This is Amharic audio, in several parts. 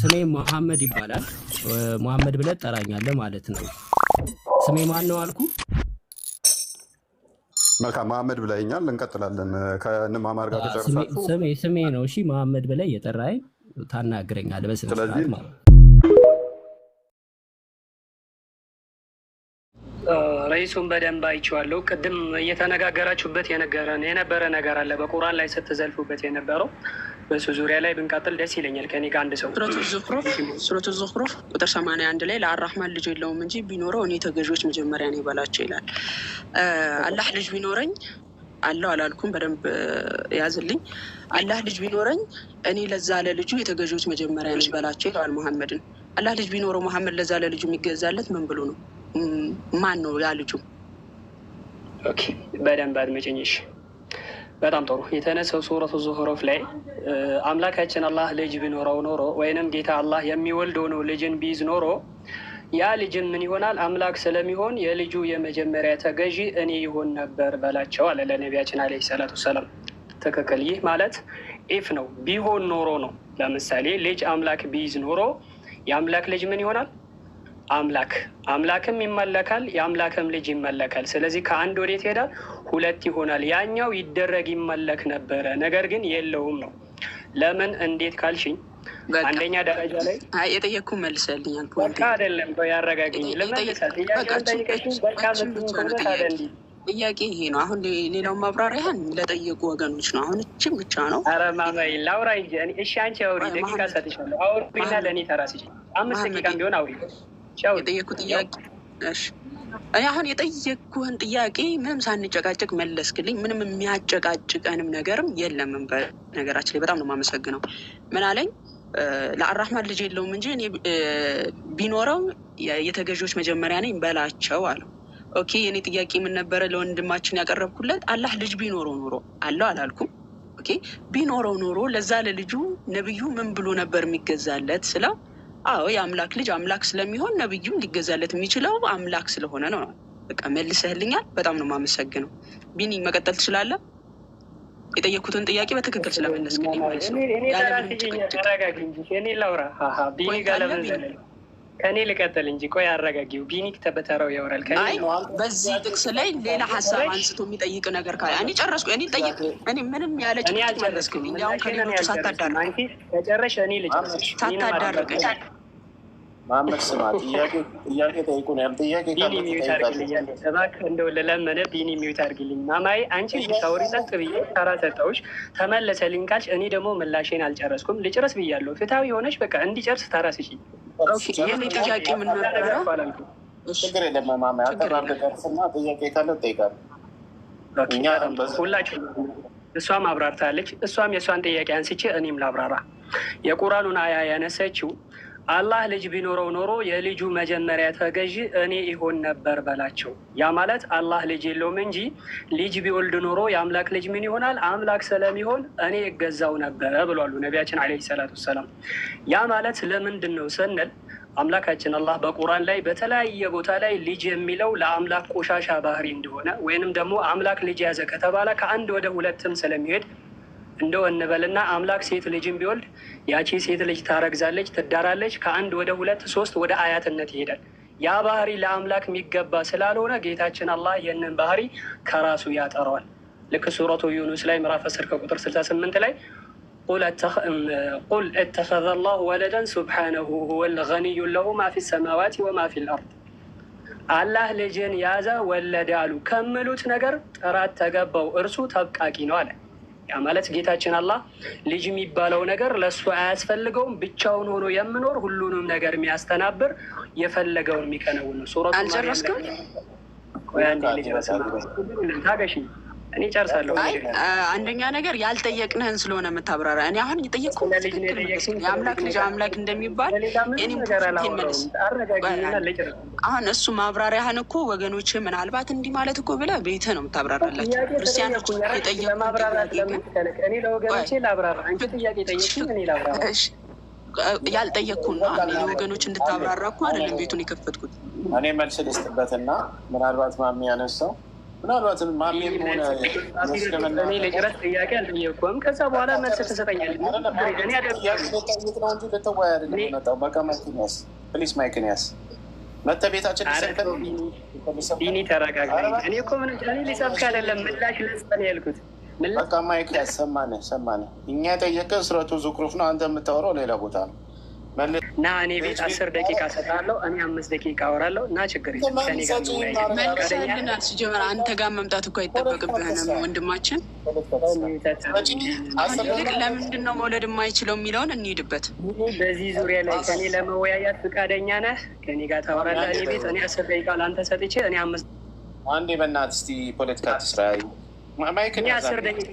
ስሜ መሐመድ ይባላል። መሐመድ ብለህ ትጠራኛለህ ማለት ነው። ስሜ ማን ነው አልኩ? መልካም መሐመድ ብለኸኛል። እንቀጥላለን። ከንማማር ጋር ተጨርሳችሁ ስሜ ነው። እሺ መሐመድ ብለህ እየጠራኸኝ ታናግረኛለህ በስነ ስርዓት ማለት ነው። በደንብ አይቼዋለሁ። ቅድም እየተነጋገራችሁበት የነበረ ነገር አለ። በቁርአን ላይ ስትዘልፉበት የነበረው በሱ ዙሪያ ላይ ብንቀጥል ደስ ይለኛል። ከኔ ጋር አንድ ሰው ሱረቱ ዙክሩፍ ቁጥር ሰማንያ አንድ ላይ ለአራህማን ልጅ የለውም እንጂ ቢኖረው እኔ ተገዥዎች መጀመሪያ ነው ይበላቸው ይላል። አላህ ልጅ ቢኖረኝ አለው አላልኩም፣ በደንብ ያዝልኝ። አላህ ልጅ ቢኖረኝ እኔ ለዛ ለልጁ የተገዥዎች መጀመሪያ ነው ይበላቸው ይለዋል መሐመድን። አላህ ልጅ ቢኖረው መሐመድ ለዛ ለልጁ የሚገዛለት ምን ብሎ ነው? ማን ነው ያ ልጁ? በደንብ አድመጭኝሽ በጣም ጥሩ የተነሰው ሱረቱ ዙሁሩፍ ላይ አምላካችን አላህ ልጅ ቢኖረው ኖሮ ወይንም ጌታ አላህ የሚወልደው ነው ልጅን ቢይዝ ኖሮ ያ ልጅም ምን ይሆናል? አምላክ ስለሚሆን የልጁ የመጀመሪያ ተገዢ እኔ ይሆን ነበር በላቸው አለ ለነቢያችን አለ ሰላቱ ሰላም ትክክል። ይህ ማለት ኢፍ ነው ቢሆን ኖሮ ነው። ለምሳሌ ልጅ አምላክ ቢይዝ ኖሮ የአምላክ ልጅ ምን ይሆናል? አምላክ አምላክም ይመለካል፣ የአምላክም ልጅ ይመለካል። ስለዚህ ከአንድ ወዴት ይሄዳል? ሁለት ይሆናል። ያኛው ይደረግ ይመለክ ነበረ፣ ነገር ግን የለውም ነው። ለምን እንዴት ካልሽኝ አንደኛ ደረጃ ላይ የጠየቅኩ መልሰልኛል። በቃ አይደለም ያረጋግኝ ልመልሰል ጥያቄ ይሄ ነው። አሁን ሌላው ማብራሪያን ለጠየቁ ወገኖች ነው። አሁን እችም ብቻ ነው። ኧረ ማማዬ ላውራ እንጂ እሺ፣ አንቺ አውሪ፣ ደቂቃ ሰጥሻለሁ። አውሪና ለእኔ ተራስ አምስት ደቂቃ ቢሆን አውሪ የጠየቅኩ ጥያቄ እኔ አሁን የጠየቅኩህን ጥያቄ ምንም ሳንጨቃጨቅ መለስክልኝ። ምንም የሚያጨቃጭቀንም ነገርም የለምም በነገራችን ላይ በጣም ነው የማመሰግነው። ምን አለኝ ለአራህማን ልጅ የለውም እንጂ እኔ ቢኖረው የተገዢዎች መጀመሪያ ነኝ በላቸው አለው። ኦኬ የእኔ ጥያቄ ምን ነበረ ለወንድማችን ያቀረብኩለት? አላህ ልጅ ቢኖረው ኖሮ አለው አላልኩም። ኦኬ ቢኖረው ኖሮ ለዛ ለልጁ ነብዩ ምን ብሎ ነበር የሚገዛለት ስለው አዎ የአምላክ ልጅ አምላክ ስለሚሆን ነብዩም ሊገዛለት የሚችለው አምላክ ስለሆነ ነው። በቃ መልሰህልኛል። በጣም ነው የማመሰግነው። ቢኒ መቀጠል ትችላለህ። የጠየኩትን ጥያቄ በትክክል ስለመለስክልኝ ማለት ነው። ከኔ ልቀጥል እንጂ ቆይ አረጋጊው ቢኒ ተበተረው ያወራል። በዚህ ጥቅስ ላይ ሌላ ሀሳብ አንስቶ የሚጠይቅ ነገር ካለ እኔ ጨረስኩ። እኔ ጠይቅ እኔ ምንም ያለ ጭ መለስክልኝ። አሁን ከሌሎቹ ሳታዳርቅ ሳታዳርቅ ማመድ ስማ፣ ጥያቄ ጠይቁን ያል ጥያቄ እባክህ እንደው ለለመነ ቢኒ ሚዩት ማማዬ አንቺ ሳውሪ ብዬ ተራ ተመለሰልኝ ካልሽ እኔ ደግሞ ምላሼን አልጨረስኩም። ልጨረስ ብያለሁ። ፍትሐዊ የሆነች በቃ እንዲጨርስ ተራ ስጪ። ይህን ጥያቄ ምን ችግር የለም ማማዬ፣ ጥያቄ ካለ ሁላችሁ እሷም አብራርታለች። እሷም የእሷን ጥያቄ አንስቼ እኔም ላብራራ የቁራኑን አያ ያነሰችው አላህ ልጅ ቢኖረው ኖሮ የልጁ መጀመሪያ ተገዢ እኔ ይሆን ነበር በላቸው። ያ ማለት አላህ ልጅ የለውም እንጂ ልጅ ቢወልድ ኖሮ የአምላክ ልጅ ምን ይሆናል? አምላክ ስለሚሆን እኔ እገዛው ነበር ብሏሉ ነቢያችን ዓለይሂ ሰላቱ ወሰላም። ያ ማለት ለምንድን ነው ስንል አምላካችን አላህ በቁርአን ላይ በተለያየ ቦታ ላይ ልጅ የሚለው ለአምላክ ቆሻሻ ባህሪ እንደሆነ ወይንም ደግሞ አምላክ ልጅ ያዘ ከተባለ ከአንድ ወደ ሁለትም ስለሚሄድ እንደው እንበልና አምላክ ሴት ልጅን ቢወልድ ያቺ ሴት ልጅ ታረግዛለች፣ ትዳራለች፣ ከአንድ ወደ ሁለት ሶስት ወደ አያትነት ይሄዳል። ያ ባህሪ ለአምላክ የሚገባ ስላልሆነ ጌታችን አላህ ይህንን ባህሪ ከራሱ ያጠረዋል። ልክ ሱረቱ ዩኑስ ላይ ምዕራፍ አስር ከቁጥር ስልሳ ስምንት ላይ ቁል እተኸዘ ላሁ ወለደን ሱብሓነሁ ሁወል ገኒዩ ለሁ ማ ፊ ሰማዋት ወማ ፊ ልአርድ አላህ ልጅን ያዘ ወለደ አሉ ነገር ጥራት ተገባው እርሱ ተብቃቂ ነው አለ። ያ ማለት ጌታችን አላህ ልጅ የሚባለው ነገር ለእሱ አያስፈልገውም። ብቻውን ሆኖ የምኖር ሁሉንም ነገር የሚያስተናብር የፈለገውን የሚከነውን ነው። ሱረቱ ታገሽኝ እኔ ጨርሳለሁ። አንደኛ ነገር ያልጠየቅንህን ስለሆነ የምታብራራ እኔ አሁን እየጠየቅኩ የአምላክ ልጅ አምላክ እንደሚባል አሁን እሱ ማብራሪያህን እኮ ወገኖች ምናልባት እንዲህ ማለት እኮ ብለህ ቤትህ ነው የምታብራራላቸው። ክርስቲያኖች የጠየቁ ያልጠየቅኩና ወገኖች እንድታብራራ እኮ አይደለም ቤቱን የከፈትኩት። እኔ መልስ ልስጥበትና ምናልባት ማሚ ያነሳው ምናልባትም ማሜም ሆነ እኔ ለጭረት ጥያቄ አልጠየቅኩም። ከዛ በኋላ መልስ ትሰጠኛለህ። ጠይቅ ነው እንጂ ልትወያይ አይደለም የመጣው። በቃ ማይክን ያዝ ፕሊዝ፣ ማይክን ያዝ። መተህ ቤታችን ቢኒ ተረጋጋ። እኔ እኮ ምንም እኔ ሊሰብክ አይደለም ምላሽ ልስጥ ያልኩት። በቃ ማይክ ያዝ። ሰማነ ሰማንህ። እኛ የጠየቀ ስረቱ ዙክሩፍ ነው። አንተ የምታወራው ሌላ ቦታ ነው። እና እኔ ቤት አስር ደቂቃ ሰጣለሁ፣ እኔ አምስት ደቂቃ አወራለሁ። እና ችግር መልሰልናል። ሲጀመር አንተ ጋር መምጣት እኮ አይጠበቅብህንም ወንድማችን። ለምንድን ነው መውለድ የማይችለው የሚለውን እንሂድበት። በዚህ ዙሪያ ላይ ከኔ ለመወያያት ፈቃደኛ ነህ? ከኔ ጋር ታወራለህ። እኔ ቤት እኔ አስር ደቂቃ ለአንተ ሰጥቼ እኔ አምስት አንዴ በእናትህ እስኪ ፖለቲካ ትስራ ማይክ እኔ አስር ደቂቃ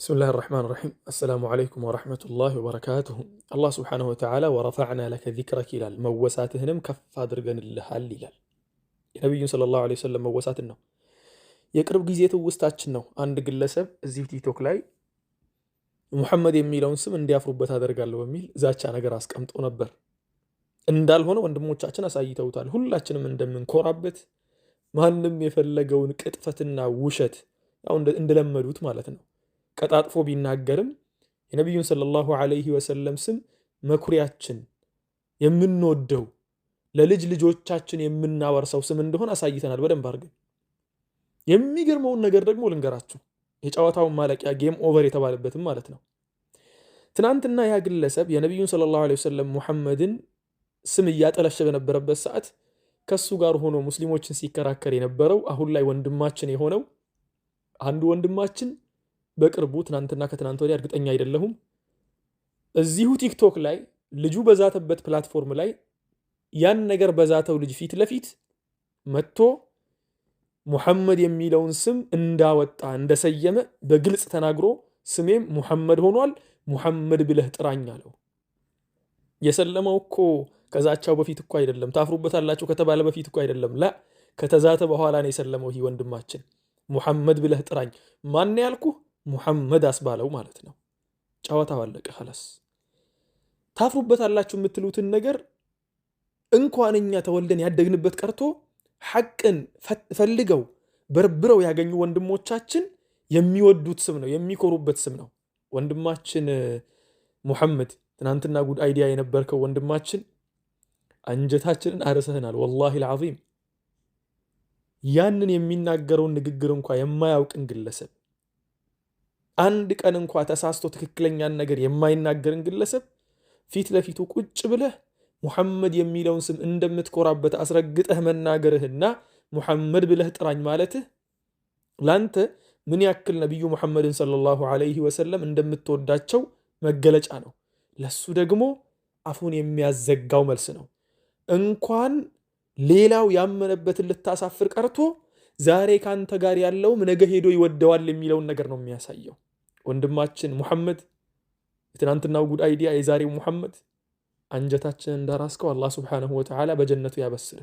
ብስምላህ ራሕማን ራሒም አሰላሙ ዓለይኩም ወረሕመቱላህ ወበረካቱሁ። አላህ ስብሓነሁ ወተዓላ ወረፈዕና ለከ ዚክረክ ይላል። መወሳትህንም ከፍ አድርገንልሃል ይላል። የነቢዩን ሰለላሁ ዓለይሂ ወሰለም መወሳትን ነው። የቅርብ ጊዜ ትውስታችን ነው። አንድ ግለሰብ እዚህ ቲክቶክ ላይ ሙሐመድ የሚለውን ስም እንዲያፍሩበት አደርጋለሁ በሚል ዛቻ ነገር አስቀምጦ ነበር። እንዳልሆነ ወንድሞቻችን አሳይተውታል። ሁላችንም እንደምንኮራበት ማንም የፈለገውን ቅጥፈትና ውሸት ያው እንደለመዱት ማለት ነው ቀጣጥፎ ቢናገርም የነቢዩን ሰለላሁ ዐለይሂ ወሰለም ስም መኩሪያችን የምንወደው ለልጅ ልጆቻችን የምናወርሰው ስም እንደሆነ አሳይተናል በደንብ አድርገን። የሚገርመውን ነገር ደግሞ ልንገራችሁ። የጨዋታውን ማለቂያ ጌም ኦቨር የተባለበትም ማለት ነው። ትናንትና ያ ግለሰብ የነቢዩን ሰለላሁ ዐለይሂ ወሰለም ሙሐመድን ስም እያጠለሸ በነበረበት ሰዓት ከሱ ጋር ሆኖ ሙስሊሞችን ሲከራከር የነበረው አሁን ላይ ወንድማችን የሆነው አንዱ ወንድማችን በቅርቡ ትናንትና ከትናንት ወዲያ እርግጠኛ አይደለሁም። እዚሁ ቲክቶክ ላይ ልጁ በዛተበት ፕላትፎርም ላይ ያን ነገር በዛተው ልጅ ፊት ለፊት መጥቶ ሙሐመድ የሚለውን ስም እንዳወጣ እንደሰየመ በግልጽ ተናግሮ ስሜም ሙሐመድ ሆኗል፣ ሙሐመድ ብለህ ጥራኝ አለው። የሰለመው እኮ ከዛቻው በፊት እኮ አይደለም፣ ታፍሩበታላችሁ ከተባለ በፊት እኮ አይደለም። ላ ከተዛተ በኋላ ነው የሰለመው። ይህ ወንድማችን ሙሐመድ ብለህ ጥራኝ ማን ያልኩህ ሙሐመድ አስባለው ማለት ነው። ጨዋታው አለቀ ኸላስ። ታፍሩበታላችሁ የምትሉትን ነገር እንኳን እኛ ተወልደን ያደግንበት ቀርቶ ሐቅን ፈልገው በርብረው ያገኙ ወንድሞቻችን የሚወዱት ስም ነው፣ የሚኮሩበት ስም ነው። ወንድማችን ሙሐመድ ትናንትና ጉድ አይዲያ የነበርከው ወንድማችን አንጀታችንን አርሰህናል። ወላሂ ልዓዚም ያንን የሚናገረውን ንግግር እንኳ የማያውቅን ግለሰብ አንድ ቀን እንኳ ተሳስቶ ትክክለኛን ነገር የማይናገርን ግለሰብ ፊት ለፊቱ ቁጭ ብለህ ሙሐመድ የሚለውን ስም እንደምትኮራበት አስረግጠህ መናገርህና ሙሐመድ ብለህ ጥራኝ ማለትህ ላንተ ምን ያክል ነቢዩ ሙሐመድን ሰለላሁ ዐለይሂ ወሰለም እንደምትወዳቸው መገለጫ ነው። ለሱ ደግሞ አፉን የሚያዘጋው መልስ ነው። እንኳን ሌላው ያመነበትን ልታሳፍር ቀርቶ ዛሬ ከአንተ ጋር ያለውም ነገ ሄዶ ይወደዋል የሚለውን ነገር ነው የሚያሳየው። ወንድማችን ሙሐመድ የትናንትናው ጉድ አይዲያ የዛሬው ሙሐመድ አንጀታችን እንዳራስከው አላህ ስብሓነሁ ወተዓላ በጀነቱ ያበስር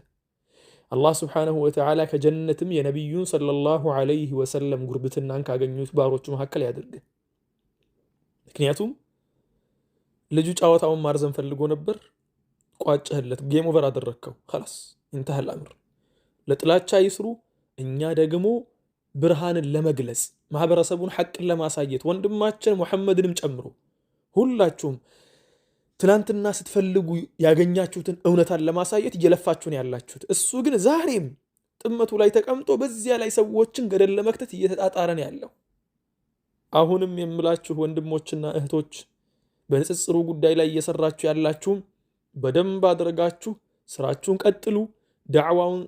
አላህ ስብሓነሁ ወተዓላ ከጀነትም የነቢዩን ሰለላሁ ዐለይሂ ወሰለም ጉርብትናን ካገኙት ባሮቹ መካከል ያድርግ። ምክንያቱም ልጁ ጨዋታውን ማርዘም ፈልጎ ነበር፣ ቋጨህለት፣ ጌም ኦቨር አደረግከው። ኸላስ ኢንተሃል አምር። ለጥላቻ ይስሩ እኛ ደግሞ ብርሃንን ለመግለጽ ማህበረሰቡን ሐቅን ለማሳየት ወንድማችን ሙሐመድንም ጨምሮ ሁላችሁም ትናንትና ስትፈልጉ ያገኛችሁትን እውነታን ለማሳየት እየለፋችሁ ያላችሁት። እሱ ግን ዛሬም ጥመቱ ላይ ተቀምጦ በዚያ ላይ ሰዎችን ገደል ለመክተት እየተጣጣረ ነው ያለው። አሁንም የምላችሁ ወንድሞችና እህቶች በንጽጽሩ ጉዳይ ላይ እየሰራችሁ ያላችሁም በደንብ አድርጋችሁ ስራችሁን ቀጥሉ። ዳዕዋውን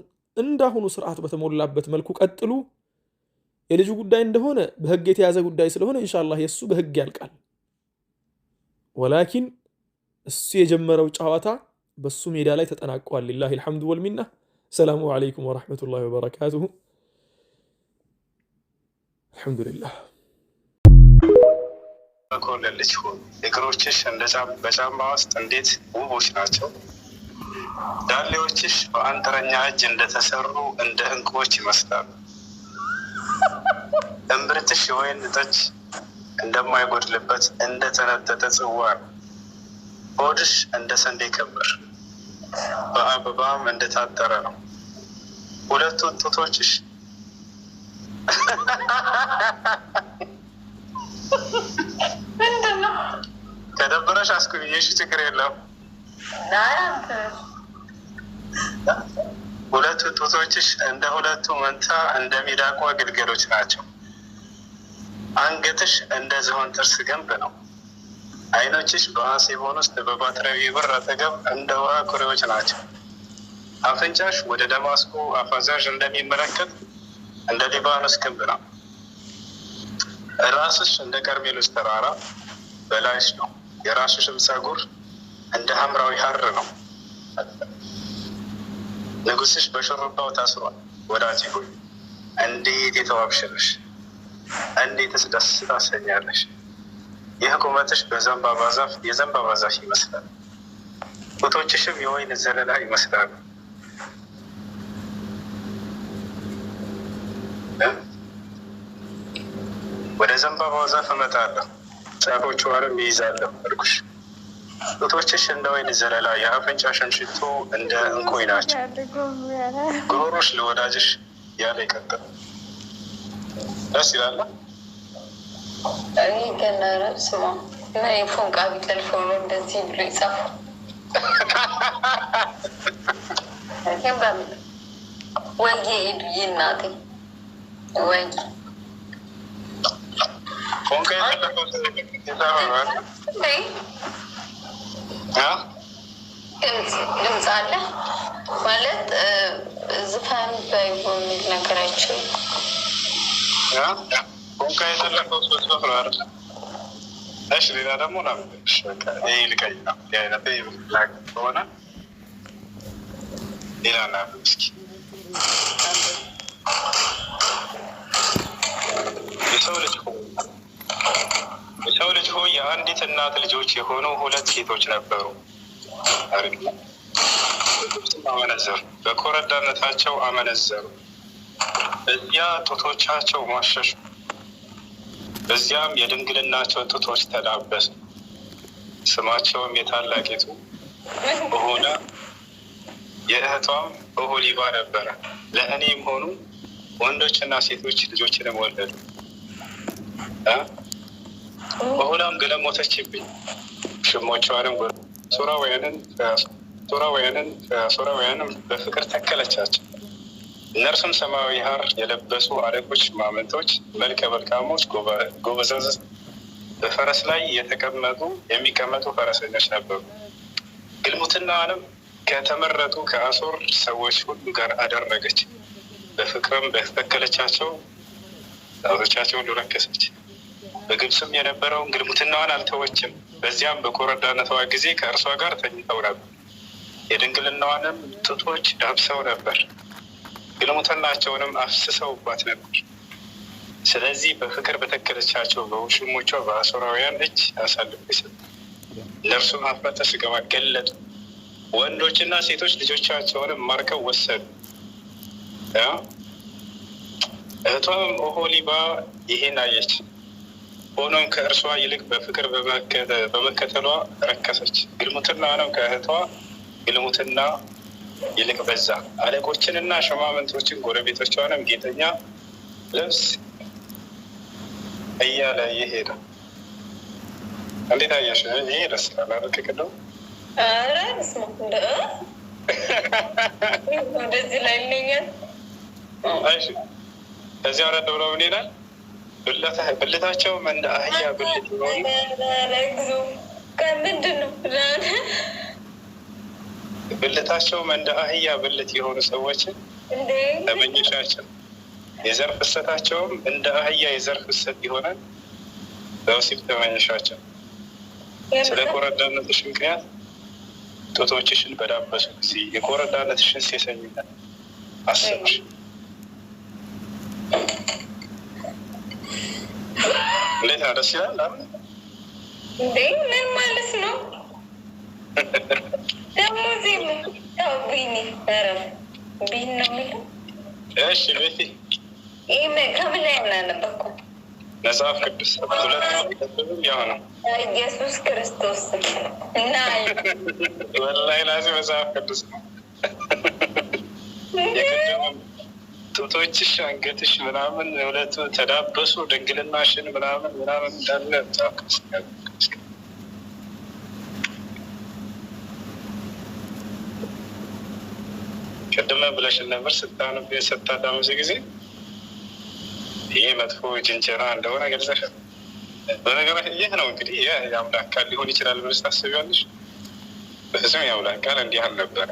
እንዳሁኑ ስርዓት በተሞላበት መልኩ ቀጥሉ። የልጁ ጉዳይ እንደሆነ በህግ የተያዘ ጉዳይ ስለሆነ እንሻላ የእሱ በህግ ያልቃል። ወላኪን እሱ የጀመረው ጨዋታ በሱ ሜዳ ላይ ተጠናቋል። ሊላሂ ልሐምዱ ወልሚና። ሰላሙ ዓለይኩም ወረሕመቱላሂ ወበረካቱሁ። አልሐምዱሊላህ ኮለልች እግሮችሽ በጫማ ውስጥ እንዴት ውቦች ናቸው። ዳሌዎችሽ በአንጥረኛ እጅ እንደተሰሩ እንደ እንቁዎች ይመስላሉ። እምብርትሽ ወይን ጠጅ እንደማይጎድልበት እንደተነጠጠ ጽዋ ነው። ሆድሽ እንደ ስንዴ ከበር በአበባም እንደታጠረ ነው። ሁለቱ ጡቶችሽ ከደብረሽ አስኩኝ። የሽ ችግር የለም። ሁለቱ ጡቶችሽ እንደ ሁለቱ መንታ እንደ ሚዳቋ ግልገሎች ናቸው። አንገትሽ እንደ ዝሆን ጥርስ ግንብ ነው። አይኖችሽ በሐሴቦን ውስጥ በባትራዊ ብር አጠገብ እንደ ውሃ ኩሬዎች ናቸው። አፍንጫሽ ወደ ደማስቆ አፋዛዥ እንደሚመለከት እንደ ሊባኖስ ግንብ ነው። ራስሽ እንደ ቀርሜሎስ ተራራ በላይሽ ነው። የራስሽም ጸጉር እንደ ሐምራዊ ሐር ነው። ንጉስሽ በሽሩባው ታስሯል። ወዳጅ ሆይ እንዴት የተዋብሽነሽ! እንዴትስ ደስ ታሰኛለሽ! ይህ ቁመትሽ በዘንባባ ዛፍ የዘንባባ ዛፍ ይመስላል፣ ጡቶችሽም የወይን ዘለላ ይመስላሉ። ወደ ዘንባባ ዛፍ እመጣለሁ፣ ጫፎቿንም ይይዛለሁ አልኩሽ። ጡቶችሽ እንደ ወይን ዘለላ፣ የአፍንጫሽም ሽቶ እንደ እንኮይ ናቸው። ጉሮሮሽ ለወዳጅሽ ያለ ይቀጥል። ደስ ይላል። ፎንቃ ቢጠልፎ እንደዚህ ብሎ ይጻፉ ወይዬ ሄዱዬ ወይ ፎንቃ ድምፅ አለ ማለት ዝፈን በይቦ የሚል ቡንካ የተለፈው ሶስት ነው እሺ፣ ሌላ ደግሞ ይህ ልቀይ ነው የአይነት ከሆነ ሌላ ና እስኪ የሰው ልጅ የሰው ልጅ ሆይ የአንዲት እናት ልጆች የሆኑ ሁለት ሴቶች ነበሩ። አመነዘሩ፣ በኮረዳነታቸው አመነዘሩ። እዚያ ጡቶቻቸው ማሸሹ፣ በዚያም የድንግልናቸው ጡቶች ተዳበሱ። ስማቸውም የታላቂቱ ኦሖላ የእህቷም ኦሆሊባ ነበረ። ለእኔም ሆኑ ወንዶችና ሴቶች ልጆችንም ወለዱ። በሁላም ገለሞተችብኝ። ሽሞቿንም ሶራውያንን ሶራውያንን ሶራውያንም በፍቅር ተከለቻቸው። እነርሱም ሰማያዊ ሐር የለበሱ አለቆች፣ ማመንቶች፣ መልከ መልካሞች፣ ጎበዘዝ በፈረስ ላይ የተቀመጡ የሚቀመጡ ፈረሰኞች ነበሩ። ግልሙትናንም ከተመረጡ ከአሶር ሰዎች ሁሉ ጋር አደረገች። በፍቅርም በተተከለቻቸው ዛዞቻቸው ሁሉ ረከሰች። በግብፅም የነበረውን ግልሙትናዋን አልተወችም። በዚያም በኮረዳነቷ ጊዜ ከእርሷ ጋር ተኝተው ነበር። የድንግልናዋንም ጡቶች ዳብሰው ነበር፣ ግልሙትናቸውንም አፍስሰውባት ነበር። ስለዚህ በፍቅር በተከለቻቸው በውሽሞቿ በአሶራውያን እጅ አሳልፎ ይሰጥ። ለእርሱም ኀፍረተ ሥጋዋ ገለጡ። ወንዶችና ሴቶች ልጆቻቸውንም ማርከው ወሰዱ። እህቷም ኦሆሊባ ይሄን አየች። ሆኖም ከእርሷ ይልቅ በፍቅር በመከተሏ ረከሰች። ግልሙትና ነው ከእህቷ ግልሙትና ይልቅ በዛ። አለቆችንና ሸማመንቶችን ጎረቤቶቿንም ጌጠኛ ልብስ እያለ ይሄደ። እንዴት አያሽ? ይሄ ደስ ይላል። አረቅቅደው እንደዚህ ላይ ይለኛል። እዚህ አረድ ብሎ ምን ይላል? ብልታቸው እንደ አህያ ብልት ብልታቸውም እንደ አህያ ብልት የሆኑ ሰዎችን ተመኝሻቸው፣ የዘር ፍሰታቸውም እንደ አህያ የዘር ፍሰት ይሆናል። በወሲብ ተመኝሻቸው። ስለ ኮረዳነትሽ ምክንያት ጡቶችሽን በዳበሱ ጊዜ የኮረዳነትሽን ሴሰኝነት አሰብሽ። እንዴት ነው? ደስ ይላል። እንዴ ምን ማለት ነው ደግሞ? ዜም ቢኒ ኧረ ቢን ነው የሚለው። እሺ ቤቲ ከምን ላይ ምናነበኩ? መጽሐፍ ቅዱስ ሁለቱም ያው ነው። ኢየሱስ ክርስቶስ እና ወላሂ ላዚ መጽሐፍ ቅዱስ ነው ጡቶችሽ፣ አንገትሽ ምናምን ሁለት ተዳበሱ ድንግልናሽን ምናምን ምናምን እንዳለ ቅድመ ብለሽን ነበር ስታነብ ስታዳምስ ጊዜ ይህ መጥፎ ጅንጀራ እንደሆነ ገልጸሻል። በነገራት ይህ ነው እንግዲህ የአምላክ ቃል ሊሆን ይችላል ብለሽ ታስቢያለሽ። በፍጹም የአምላክ ቃል እንዲህ አልነበረ።